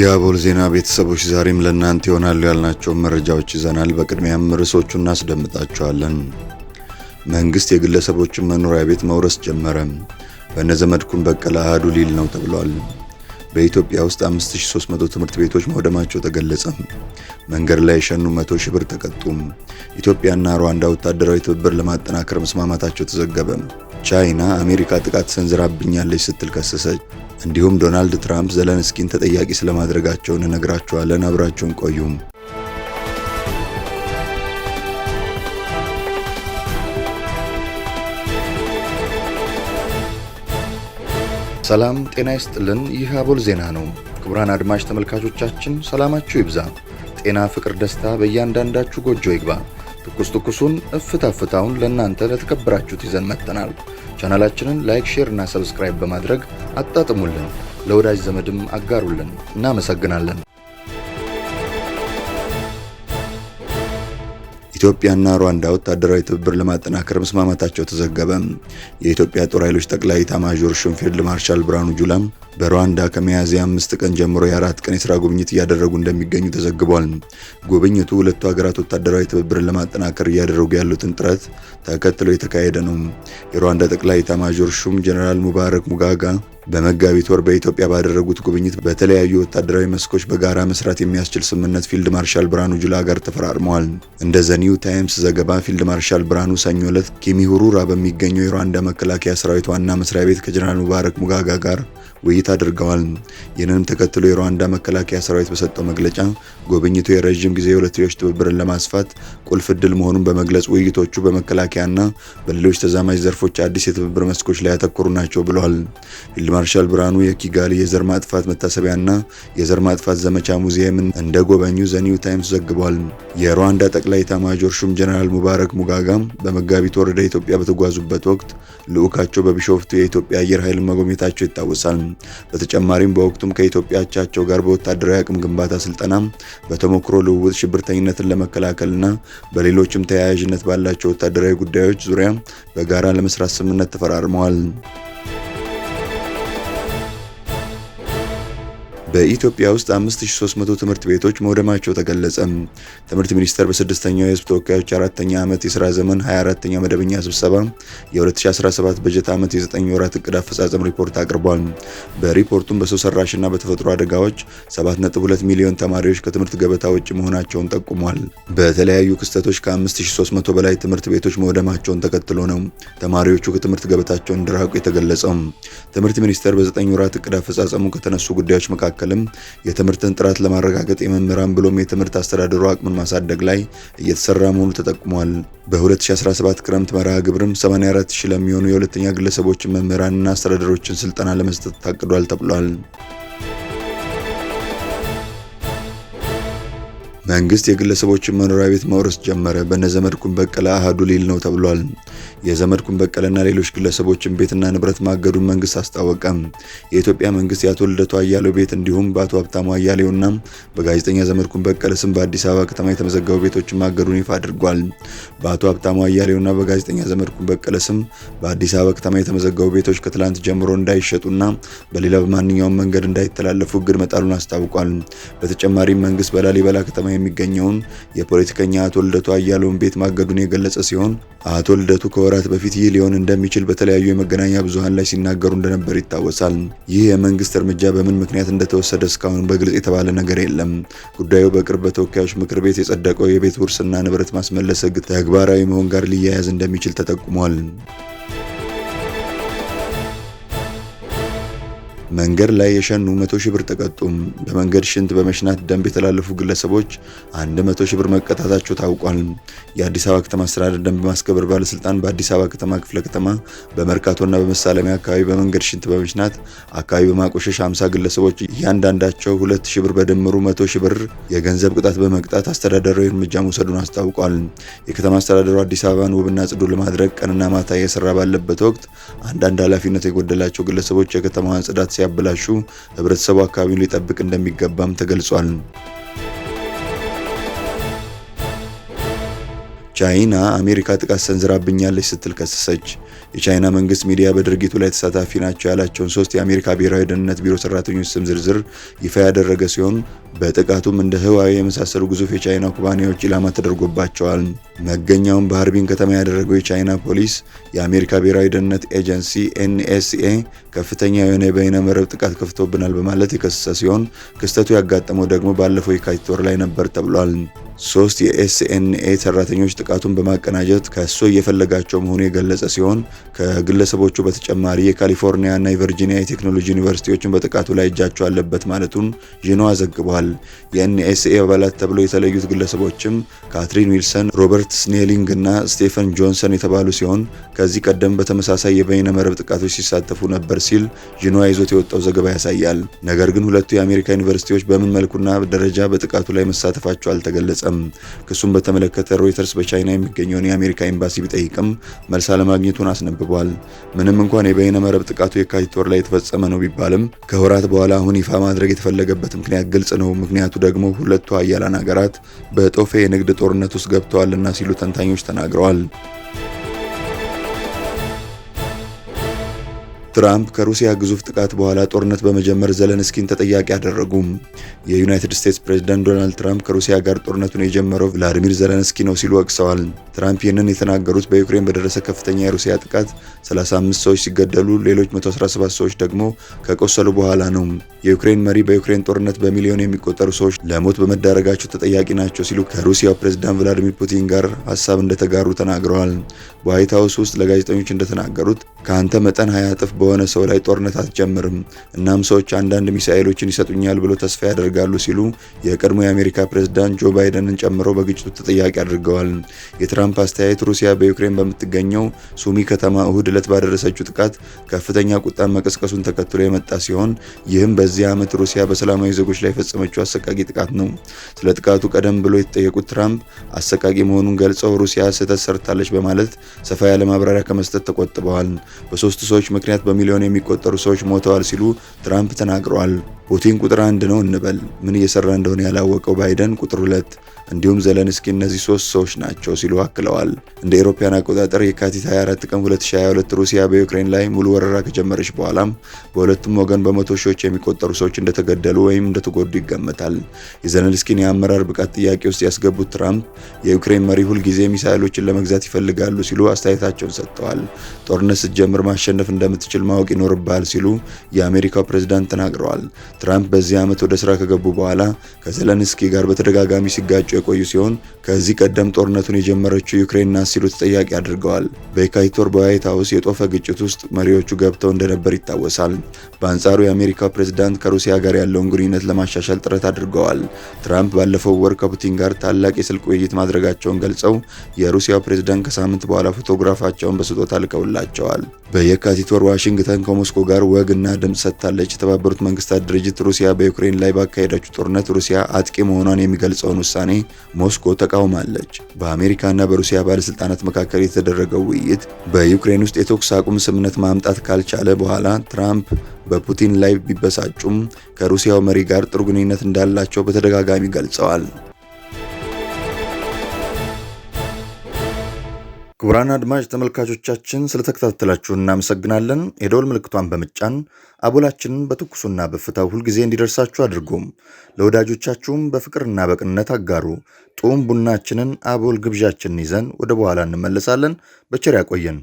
የአቦል ዜና ቤተሰቦች ዛሬም ለእናንተ ይሆናሉ ያልናቸውን መረጃዎች ይዘናል። በቅድሚያም ርዕሶቹ እናስደምጣቸዋለን። መንግስት የግለሰቦችን መኖሪያ ቤት መውረስ ጀመረ። በነዘመድኩን በቀለ አህዱ ሊል ነው ተብሏል። በኢትዮጵያ ውስጥ 5300 ትምህርት ቤቶች መውደማቸው ተገለጸ። መንገድ ላይ የሸኑ 100 ሺህ ብር ተቀጡም። ኢትዮጵያና ሩዋንዳ ወታደራዊ ትብብር ለማጠናከር መስማማታቸው ተዘገበ። ቻይና አሜሪካ ጥቃት ሰንዝራብኛለች ስትል ከሰሰች። እንዲሁም ዶናልድ ትራምፕ ዘለንስኪን ተጠያቂ ስለማድረጋቸው እንነግራችኋለን። አብራችሁን ቆዩም። ሰላም ጤና ይስጥልን። ይህ አቦል ዜና ነው። ክቡራን አድማጭ ተመልካቾቻችን ሰላማችሁ ይብዛ፣ ጤና፣ ፍቅር፣ ደስታ በእያንዳንዳችሁ ጎጆ ይግባ። ትኩስ ትኩሱን እፍታ ፍታውን ለእናንተ ለተከበራችሁት ይዘን መጥተናል። ቻናላችንን ላይክ፣ ሼር እና ሰብስክራይብ በማድረግ አጣጥሙልን፣ ለወዳጅ ዘመድም አጋሩልን። እናመሰግናለን። ኢትዮጵያና ሩዋንዳ ወታደራዊ ትብብር ለማጠናከር መስማማታቸው ተዘገበ። የኢትዮጵያ ጦር ኃይሎች ጠቅላይ ኢታማዦር ሹም ፊልድ ማርሻል ብርሃኑ ጁላም በሩዋንዳ ከሚያዝያ አምስት ቀን ጀምሮ የአራት ቀን የስራ ጉብኝት እያደረጉ እንደሚገኙ ተዘግቧል። ጉብኝቱ ሁለቱ ሀገራት ወታደራዊ ትብብርን ለማጠናከር እያደረጉ ያሉትን ጥረት ተከትሎ የተካሄደ ነው። የሩዋንዳ ጠቅላይ ኤታማዦር ሹም ጀነራል ሙባረክ ሙጋጋ በመጋቢት ወር በኢትዮጵያ ባደረጉት ጉብኝት በተለያዩ ወታደራዊ መስኮች በጋራ መስራት የሚያስችል ስምምነት ፊልድ ማርሻል ብርሃኑ ጁላ ጋር ተፈራርመዋል። እንደ ዘኒው ታይምስ ዘገባ ፊልድ ማርሻል ብርሃኑ ሰኞ ዕለት ኪሚሁሩራ በሚገኘው የሩዋንዳ መከላከያ ሰራዊት ዋና መስሪያ ቤት ከጀነራል ሙባረክ ሙጋጋ ጋር ውይይት ውይይት አድርገዋል። ይህንንም ተከትሎ የሩዋንዳ መከላከያ ሰራዊት በሰጠው መግለጫ ጉብኝቱ የረዥም ጊዜ የሁለትዮሽ ትብብርን ለማስፋት ቁልፍ እድል መሆኑን በመግለጽ ውይይቶቹ በመከላከያና በሌሎች ተዛማጅ ዘርፎች አዲስ የትብብር መስኮች ላይ ያተኮሩ ናቸው ብለዋል። ፊልድ ማርሻል ብርሃኑ የኪጋሊ የዘር ማጥፋት መታሰቢያና የዘር ማጥፋት ዘመቻ ሙዚየምን እንደ ጎበኙ ዘኒው ታይምስ ዘግቧል። የሩዋንዳ ጠቅላይ ኤታማዦር ሹም ጀነራል ሙባረክ ሙጋጋም በመጋቢት ወር ወደ ኢትዮጵያ በተጓዙበት ወቅት ልዑካቸው በቢሾፍቱ የኢትዮጵያ አየር ኃይል መጎብኘታቸው ይታወሳል። በተጨማሪም በወቅቱም ከኢትዮጵያ አቻቸው ጋር በወታደራዊ አቅም ግንባታ ስልጠና፣ በተሞክሮ ልውውጥ፣ ሽብርተኝነትን ለመከላከልና በሌሎችም ተያያዥነት ባላቸው ወታደራዊ ጉዳዮች ዙሪያ በጋራ ለመስራት ስምምነት ተፈራርመዋል። በኢትዮጵያ ውስጥ 5300 ትምህርት ቤቶች መውደማቸው ተገለጸ። ትምህርት ሚኒስቴር በስድስተኛው የህዝብ ተወካዮች አራተኛ ዓመት የስራ ዘመን 24ኛ መደበኛ ስብሰባ የ2017 በጀት ዓመት የዘጠኝ ወራት እቅድ አፈጻጸም ሪፖርት አቅርቧል። በሪፖርቱም በሰው ሰራሽና በተፈጥሮ አደጋዎች 7.2 ሚሊዮን ተማሪዎች ከትምህርት ገበታ ውጭ መሆናቸውን ጠቁሟል። በተለያዩ ክስተቶች ከ5300 በላይ ትምህርት ቤቶች መውደማቸውን ተከትሎ ነው ተማሪዎቹ ከትምህርት ገበታቸው እንዲራቁ የተገለጸው። ትምህርት ሚኒስቴር በዘጠኝ ወራት እቅድ አፈጻጸሙ ከተነሱ ጉዳዮች መካከል መካከልም የትምህርትን ጥራት ለማረጋገጥ የመምህራን ብሎም የትምህርት አስተዳደሩ አቅምን ማሳደግ ላይ እየተሰራ መሆኑ ተጠቁሟል። በ2017 ክረምት መርሃ ግብርም 84 ሺህ ለሚሆኑ የሁለተኛ ግለሰቦችን መምህራንና አስተዳደሮችን ስልጠና ለመስጠት ታቅዷል ተብሏል። መንግስት የግለሰቦችን መኖሪያ ቤት መውረስ ጀመረ። በነ ዘመድኩን በቀለ አህዱ ሊል ነው ተብሏል። የዘመድኩን በቀለና ሌሎች ግለሰቦችን ቤትና ንብረት ማገዱን መንግስት አስታወቀም። የኢትዮጵያ መንግስት የአቶ ልደቱ አያሌው ቤት እንዲሁም በአቶ ሀብታሙ አያሌውና በጋዜጠኛ ዘመድኩን በቀለ ስም በአዲስ አበባ ከተማ የተመዘገቡ ቤቶችን ማገዱን ይፋ አድርጓል። በአቶ ሀብታሙ አያሌውና በጋዜጠኛ ዘመድኩን በቀለ ስም በአዲስ አበባ ከተማ የተመዘገቡ ቤቶች ከትላንት ጀምሮ እንዳይሸጡና በሌላ በማንኛውም መንገድ እንዳይተላለፉ እግድ መጣሉን አስታውቋል። በተጨማሪም መንግስት በላሊበላ ከተማ የሚገኘውን የፖለቲከኛ አቶ ልደቱ አያሌውን ቤት ማገዱን የገለጸ ሲሆን አቶ ልደቱ ከወ ከወራት በፊት ይህ ሊሆን እንደሚችል በተለያዩ የመገናኛ ብዙሃን ላይ ሲናገሩ እንደነበር ይታወሳል። ይህ የመንግስት እርምጃ በምን ምክንያት እንደተወሰደ እስካሁን በግልጽ የተባለ ነገር የለም። ጉዳዩ በቅርብ በተወካዮች ምክር ቤት የጸደቀው የቤት ውርስና ንብረት ማስመለስ ህግ ተግባራዊ መሆን ጋር ሊያያዝ እንደሚችል ተጠቁሟል። መንገድ ላይ የሸኑ 100 ሺህ ብር ተቀጡም። በመንገድ ሽንት በመሽናት ደንብ የተላለፉ ግለሰቦች 100 ሺህ ብር መቀጣታቸው ታውቋል። የአዲስ አበባ ከተማ አስተዳደር ደንብ ማስከበር ባለስልጣን በአዲስ አበባ ከተማ ክፍለ ከተማ በመርካቶና በመሳለሚያ አካባቢ በመንገድ ሽንት በመሽናት አካባቢ በማቆሸሽ 50 ግለሰቦች እያንዳንዳቸው 2 ሺህ ብር በድምሩ 100 ሺህ ብር የገንዘብ ቅጣት በመቅጣት አስተዳደራዊ እርምጃ መውሰዱን አስታውቋል። የከተማ አስተዳደሩ አዲስ አበባን ውብና ጽዱ ለማድረግ ቀንና ማታ እየሰራ ባለበት ወቅት አንዳንድ ኃላፊነት የጎደላቸው ግለሰቦች የከተማዋን ጽዳት ሲያበላሹ ህብረተሰቡ አካባቢውን ሊጠብቅ እንደሚገባም ተገልጿል። ቻይና አሜሪካ ጥቃት ሰንዝራብኛለች ስትል ከሰሰች። የቻይና መንግስት ሚዲያ በድርጊቱ ላይ ተሳታፊ ናቸው ያላቸውን ሶስት የአሜሪካ ብሔራዊ ደህንነት ቢሮ ሰራተኞች ስም ዝርዝር ይፋ ያደረገ ሲሆን በጥቃቱም እንደ ህዋዊ የመሳሰሉ ግዙፍ የቻይና ኩባንያዎች ኢላማ ተደርጎባቸዋል። መገኛውን በሃርቢን ከተማ ያደረገው የቻይና ፖሊስ የአሜሪካ ብሔራዊ ደህንነት ኤጀንሲ ኤንኤስኤ ከፍተኛ የሆነ የበይነ መረብ ጥቃት ከፍቶብናል በማለት የከሰሰ ሲሆን ክስተቱ ያጋጠመው ደግሞ ባለፈው የካቲት ወር ላይ ነበር ተብሏል። ሶስት የኤስኤንኤ ሰራተኞች ጥቃቱን በማቀናጀት ከሶ እየፈለጋቸው መሆኑ የገለጸ ሲሆን ከግለሰቦቹ በተጨማሪ የካሊፎርኒያና የቨርጂኒያ የቴክኖሎጂ ዩኒቨርሲቲዎችን በጥቃቱ ላይ እጃቸው አለበት ማለቱን ዢኖዋ ዘግቧል። የኤንኤስኤ አባላት ተብለው የተለዩት ግለሰቦችም ካትሪን ዊልሰን፣ ሮበርት ስኔሊንግ እና ስቴፈን ጆንሰን የተባሉ ሲሆን ከዚህ ቀደም በተመሳሳይ የበይነ መረብ ጥቃቶች ሲሳተፉ ነበር ሲል ዢኖዋ ይዞት የወጣው ዘገባ ያሳያል። ነገር ግን ሁለቱ የአሜሪካ ዩኒቨርሲቲዎች በምን መልኩና ደረጃ በጥቃቱ ላይ መሳተፋቸው አልተገለጸም። አልተሰጠም። ክሱን በተመለከተ ሮይተርስ በቻይና የሚገኘውን የአሜሪካ ኤምባሲ ቢጠይቅም መልስ አለማግኘቱን አስነብቧል። ምንም እንኳን የበይነ መረብ ጥቃቱ የካቲት ወር ላይ የተፈጸመ ነው ቢባልም ከወራት በኋላ አሁን ይፋ ማድረግ የተፈለገበት ምክንያት ግልጽ ነው። ምክንያቱ ደግሞ ሁለቱ ሀያላን ሀገራት በጦፌ የንግድ ጦርነት ውስጥ ገብተዋልና ሲሉ ተንታኞች ተናግረዋል። ትራምፕ ከሩሲያ ግዙፍ ጥቃት በኋላ ጦርነት በመጀመር ዘለንስኪን ተጠያቂ አደረጉም። የዩናይትድ ስቴትስ ፕሬዝዳንት ዶናልድ ትራምፕ ከሩሲያ ጋር ጦርነቱን የጀመረው ቭላዲሚር ዘለንስኪ ነው ሲሉ ወቅሰዋል። ትራምፕ ይህንን የተናገሩት በዩክሬን በደረሰ ከፍተኛ የሩሲያ ጥቃት 35 ሰዎች ሲገደሉ ሌሎች 117 ሰዎች ደግሞ ከቆሰሉ በኋላ ነው። የዩክሬን መሪ በዩክሬን ጦርነት በሚሊዮን የሚቆጠሩ ሰዎች ለሞት በመዳረጋቸው ተጠያቂ ናቸው ሲሉ ከሩሲያው ፕሬዝዳንት ቭላዲሚር ፑቲን ጋር ሀሳብ እንደተጋሩ ተናግረዋል። በዋይት ሀውስ ውስጥ ለጋዜጠኞች እንደተናገሩት ከአንተ መጠን 20 እጥፍ በ በሆነ ሰው ላይ ጦርነት አትጀምርም። እናም ሰዎች አንዳንድ ሚሳኤሎችን ይሰጡኛል ብሎ ተስፋ ያደርጋሉ ሲሉ የቀድሞ የአሜሪካ ፕሬዝዳንት ጆ ባይደንን ጨምሮ በግጭቱ ተጠያቂ አድርገዋል። የትራምፕ አስተያየት ሩሲያ በዩክሬን በምትገኘው ሱሚ ከተማ እሁድ ዕለት ባደረሰችው ጥቃት ከፍተኛ ቁጣን መቀስቀሱን ተከትሎ የመጣ ሲሆን ይህም በዚህ ዓመት ሩሲያ በሰላማዊ ዜጎች ላይ የፈጸመችው አሰቃቂ ጥቃት ነው። ስለ ጥቃቱ ቀደም ብሎ የተጠየቁት ትራምፕ አሰቃቂ መሆኑን ገልጸው ሩሲያ ስህተት ሰርታለች በማለት ሰፋ ያለ ማብራሪያ ከመስጠት ተቆጥበዋል። በሶስት ሰዎች ምክንያት በሚሊዮን የሚቆጠሩ ሰዎች ሞተዋል ሲሉ ትራምፕ ተናግረዋል። ፑቲን ቁጥር አንድ ነው እንበል። ምን እየሰራ እንደሆነ ያላወቀው ባይደን ቁጥር ሁለት እንዲሁም ዘለንስኪ እነዚህ ሶስት ሰዎች ናቸው ሲሉ አክለዋል። እንደ ኤሮፓያን አቆጣጠር የካቲት 24 ቀን 2022 ሩሲያ በዩክሬን ላይ ሙሉ ወረራ ከጀመረች በኋላም በሁለቱም ወገን በመቶ ሺዎች የሚቆጠሩ ሰዎች እንደተገደሉ ወይም እንደተጎዱ ይገመታል። የዘለንስኪን የአመራር ብቃት ጥያቄ ውስጥ ያስገቡት ትራምፕ የዩክሬን መሪ ሁልጊዜ ሚሳይሎችን ለመግዛት ይፈልጋሉ ሲሉ አስተያየታቸውን ሰጥተዋል። ጦርነት ስትጀምር ማሸነፍ እንደምትችል ማወቅ ይኖርብሃል ሲሉ የአሜሪካው ፕሬዝዳንት ተናግረዋል። ትራምፕ በዚህ ዓመት ወደ ስራ ከገቡ በኋላ ከዘለንስኪ ጋር በተደጋጋሚ ሲጋጩ የቆዩ ሲሆን ከዚህ ቀደም ጦርነቱን የጀመረችው ዩክሬን ናት ሲሉ ተጠያቂ አድርገዋል። በየካቲት ወር በዋይት ሀውስ የጦፈ ግጭት ውስጥ መሪዎቹ ገብተው እንደነበር ይታወሳል። በአንጻሩ የአሜሪካው ፕሬዝዳንት ከሩሲያ ጋር ያለውን ግንኙነት ለማሻሻል ጥረት አድርገዋል። ትራምፕ ባለፈው ወር ከፑቲን ጋር ታላቅ የስልክ ውይይት ማድረጋቸውን ገልጸው የሩሲያው ፕሬዝዳንት ከሳምንት በኋላ ፎቶግራፋቸውን በስጦታ ልከውላቸዋል። በየካቲት ወር ዋሽንግተን ከሞስኮ ጋር ወግ እና ድምፅ ሰጥታለች። የተባበሩት መንግስታት ድርጅት ድርጅት ሩሲያ በዩክሬን ላይ ባካሄደችው ጦርነት ሩሲያ አጥቂ መሆኗን የሚገልጸውን ውሳኔ ሞስኮ ተቃውማለች። በአሜሪካና በሩሲያ ባለስልጣናት መካከል የተደረገው ውይይት በዩክሬን ውስጥ የተኩስ አቁም ስምምነት ማምጣት ካልቻለ በኋላ ትራምፕ በፑቲን ላይ ቢበሳጩም ከሩሲያው መሪ ጋር ጥሩ ግንኙነት እንዳላቸው በተደጋጋሚ ገልጸዋል። ክቡራን አድማጭ ተመልካቾቻችን ስለተከታተላችሁ እናመሰግናለን። የደወል ምልክቷን በምጫን አቦላችንን በትኩሱና በፍታው ሁልጊዜ እንዲደርሳችሁ አድርጉም። ለወዳጆቻችሁም በፍቅርና በቅንነት አጋሩ። ጡም ቡናችንን አቦል ግብዣችንን ይዘን ወደ በኋላ እንመለሳለን። በቸር ያቆየን።